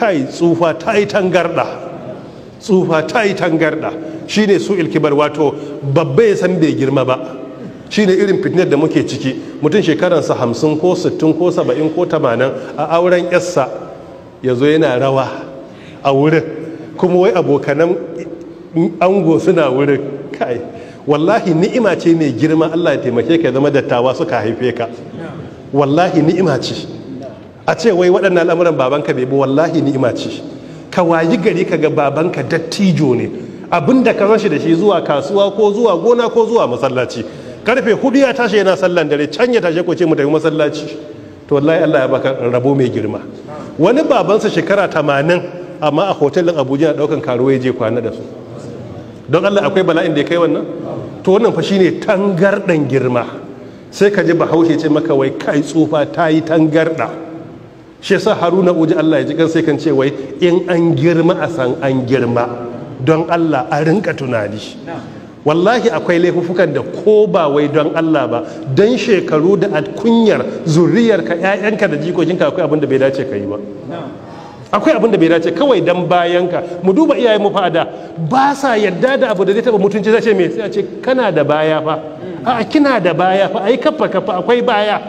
kai tsufa ta yi tangarda tsufa ta yi tangarda ne su ilkibar wato babba ya san bai girma ba shi ne irin fitinar da muke ciki mutum shekaransa hamsin ko sittin ko saba'in ko tamanin a auren yassa ya zo yana rawa a wurin kuma wai abokanan ango suna wurin kai wallahi ni'ima ce mai girma allah ya taimake ka zama dattawa suka haife ka wallahi ni'ima ce a ce wai waɗannan al'amuran babanka bai bi wallahi ni'ima ce ka wayi gari ka ga babanka dattijo ne abinda ka rashi da shi zuwa kasuwa ko zuwa gona ko zuwa masallaci karfe hudu ya tashi yana sallan dare can ya tashi ko ce mu tafi masallaci to wallahi Allah ya baka rabo mai girma wani babansa shekara tamanin amma a hotelin Abuja na daukan karuwa ya je kwana da su don Allah akwai bala'in da ya kai wannan to wannan fa shine tangardan girma sai ka ji bahaushe ce maka wai kai tsufa tayi yi tangarda shi yasa haruna uji allah ya ji sai kan ce wai in an girma a san an girma don allah a rinka tunani wallahi akwai laifukan da ko ba wai don allah ba don shekaru da a kunyar ka ƴaƴanka da jikokinka akwai abin da bai dace ka yi ba akwai abin bai dace kawai dan bayanka mu duba iyayen mu fa da ba sa yadda da abu da zai taba mutunci zai ce me sai a ce kana da baya fa a kina da baya fa ai kafa kafa akwai baya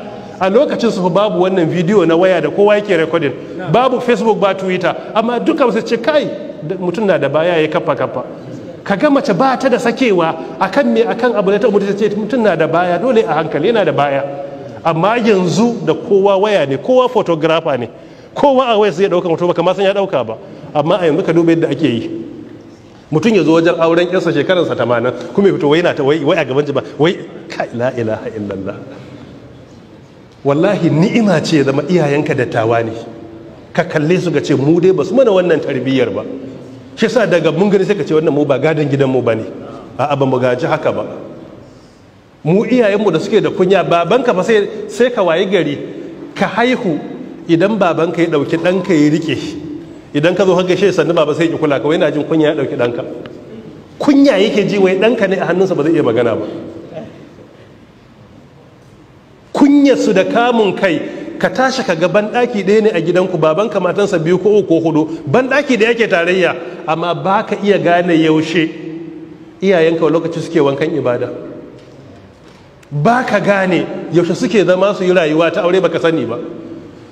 a lokacin su babu wannan bidiyo na waya da kowa yake recording babu facebook ba twitter amma duka wasu ce kai mutum na da baya ya kafa kafa ka ga mace ba ta da sakewa akan me akan abu da ta mutu ce mutum na da baya dole a hankali yana da baya amma yanzu da kowa waya ne kowa photographer ne kowa a waya sai ya dauka hoto ba kamar san ya dauka ba amma a yanzu ka duba yadda ake yi mutum ya zo wajen auren yarsa shekaransa 80 kuma ya fito wai na ta wai a gaban ba wai ka la ilaha illallah wallahi ni'ima ce zama iyayenka dattawa ne ka kalle su ka ce mu dai ba su mana wannan tarbiyyar ba shi sa daga mun gani sai ka ce wannan mu ba gadon gidan mu ba ne a ba mu gaji haka ba mu iyayenmu da suke da kunya babanka ba sai ka wayi gari ka haihu idan babanka ya ɗauki ɗanka ya rike idan ka zo haka shi sannu baba sai ya kula ka wai na jin kunya ya ɗauki ɗanka kunya yake ji wai ɗanka ne a hannunsa ba zai iya magana ba kunyarsu da kamun kai ka tashi ka ga banɗaki ɗaya ne a gidanku babanka matansa biyu ko uku ko hudu banɗaki da yake tarayya amma ba ka iya gane yaushe iyayenka lokaci suke wankan ibada ba ka gane yaushe suke zama su yi rayuwa ta aure baka sani ba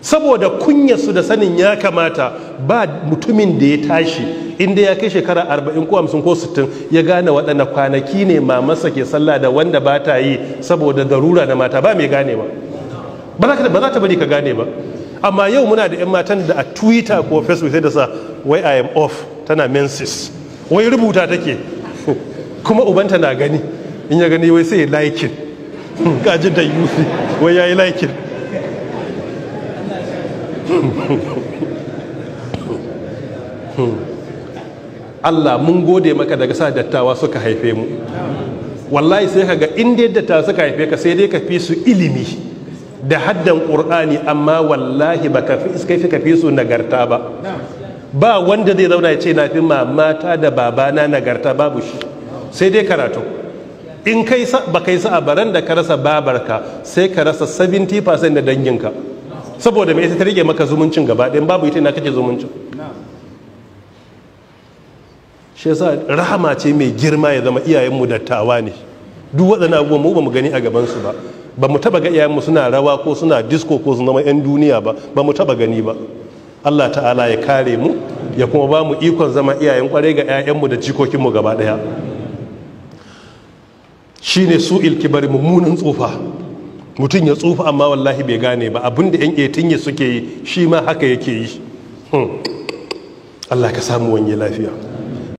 saboda kunyarsu da sanin ya kamata ba mutumin da ya tashi inda ya kai shekara 40 ko 50 ko 60 ya gane waɗanda kwanaki ne mamarsa ke sallah da wanda ba ta yi saboda darura na mata ba mai gane ba ba za ta bari ka gane ba amma yau muna da 'yan matan da a twitter ko facebook sai da sa wai i am off tana menses wai rubuta take kuma ubanta na gani in ya gani wai sai ya laikin kajin da yufi wai ya yi laikin Allah mun gode maka daga sa dattawa suka haife mu wallahi sai kaga inda yadda dattawa suka haife ka sai dai ka fi su ilimi da haddan qur'ani amma wallahi ba ka fi ka fi su nagarta ba ba wanda zai zauna ya ce na fi mamata da babana nagarta babu shi sai dai karatu in kai ba kai sa a baran da ka rasa babarka sai ka rasa 70% da danginka saboda mai ta rike maka zumuncin gaba ɗin babu ita na kake zumuncin shi yasa rahama ce mai girma ya zama iyayenmu dattawa ne duk waɗanda abubuwan mu ba mu gani a gabansu ba ba mu taba ga iyayenmu suna rawa ko suna disko ko su zama 'yan duniya ba ba mu taba gani ba Allah ta'ala ya kare mu ya kuma ba mu ikon zama iyayen kwarai ga 'ya'yanmu da jikokinmu gaba ɗaya ne su ilkibar mummunan tsufa mutum ya tsufa amma wallahi bai gane ba da yan etinye suke yi shi ma haka yake yi hmm. Allah ka samu wani lafiya